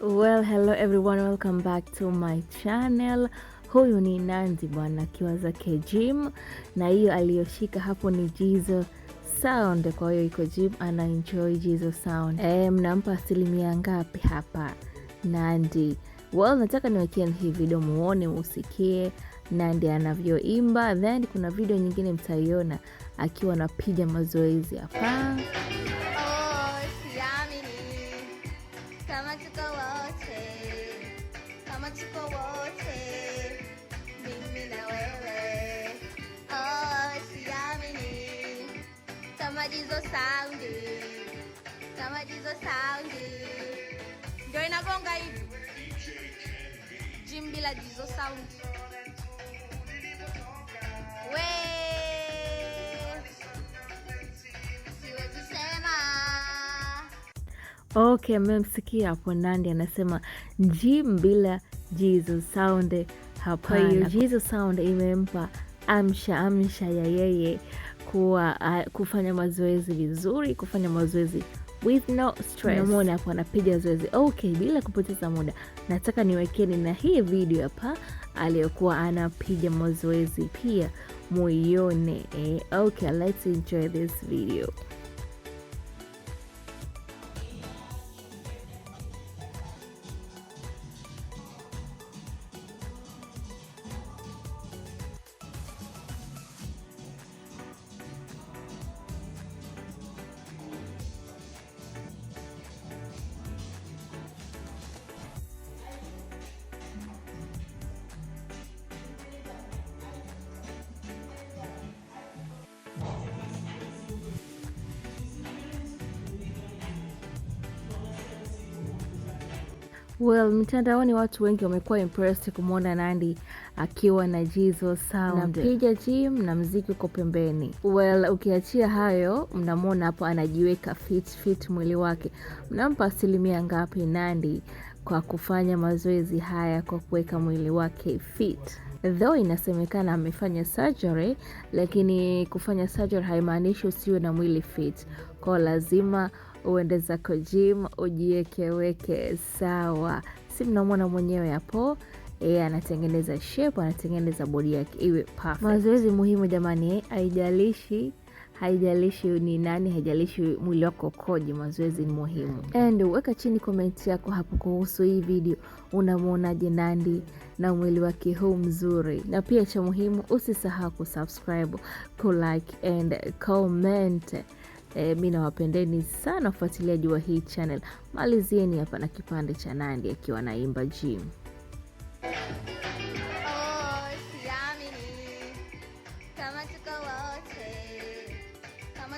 Well, hello everyone, welcome back to my channel. Huyu ni Nanzi bwana akiwa zake gym, na hiyo aliyoshika hapo ni Jizo Sound. Kwa hiyo iko gym, ana enjoy Jizo Sound. Eh, mnampa asilimia ngapi hapa Nandi? Well, nataka niwekee hii video muone, usikie Nandi anavyoimba, then kuna video nyingine mtaiona akiwa anapiga mazoezi hapa Katika wote kama tuko wote, mimi na wewe, oh, siamini kama jizo saundi, kama jizo saundi ndio inagonga hivi jim bila jizo saundi Okay, mmemsikia hapo nandi anasema Jim bila Jesus Sound. Hapa hiyo Jesus Sound imempa amsha amsha ya yeye kuwa uh, kufanya mazoezi vizuri, kufanya mazoezi with no stress. hapo anapiga zoezi. Okay, bila kupoteza muda, nataka niwekeni na hii video hapa aliyokuwa anapiga mazoezi pia muione. Eh, okay, let's enjoy this video. Well, mtandaoni watu wengi wamekuwa impressed kumwona Nandy akiwa na jizo sound, napiga gym na mziki uko pembeni. Well, ukiachia hayo, mnamwona hapo anajiweka fit fit mwili wake. Mnampa asilimia ngapi Nandy kwa kufanya mazoezi haya kwa kuweka mwili wake fit? though inasemekana amefanya surgery, lakini kufanya surgery haimaanishi usiwe na mwili fit, kwa lazima uende zako gym ujiwekeweke sawa. Si mnamwona mwenyewe hapo yeye anatengeneza shape, anatengeneza bodi yake iwe perfect. Mazoezi muhimu jamani, haijalishi haijalishi ni nani, haijalishi mwili wako ukoje, mazoezi ni muhimu. And weka chini komenti yako hapo kuhusu hii video, unamwonaje Nandy na mwili wake huu mzuri? Na pia cha muhimu, usisahau kusubscribe, kulike and comment. E, mi nawapendeni sana ufuatiliaji wa hii channel. Malizieni hapa na kipande cha Nandy akiwa anaimba gym. Oh, siamini kama tuko wote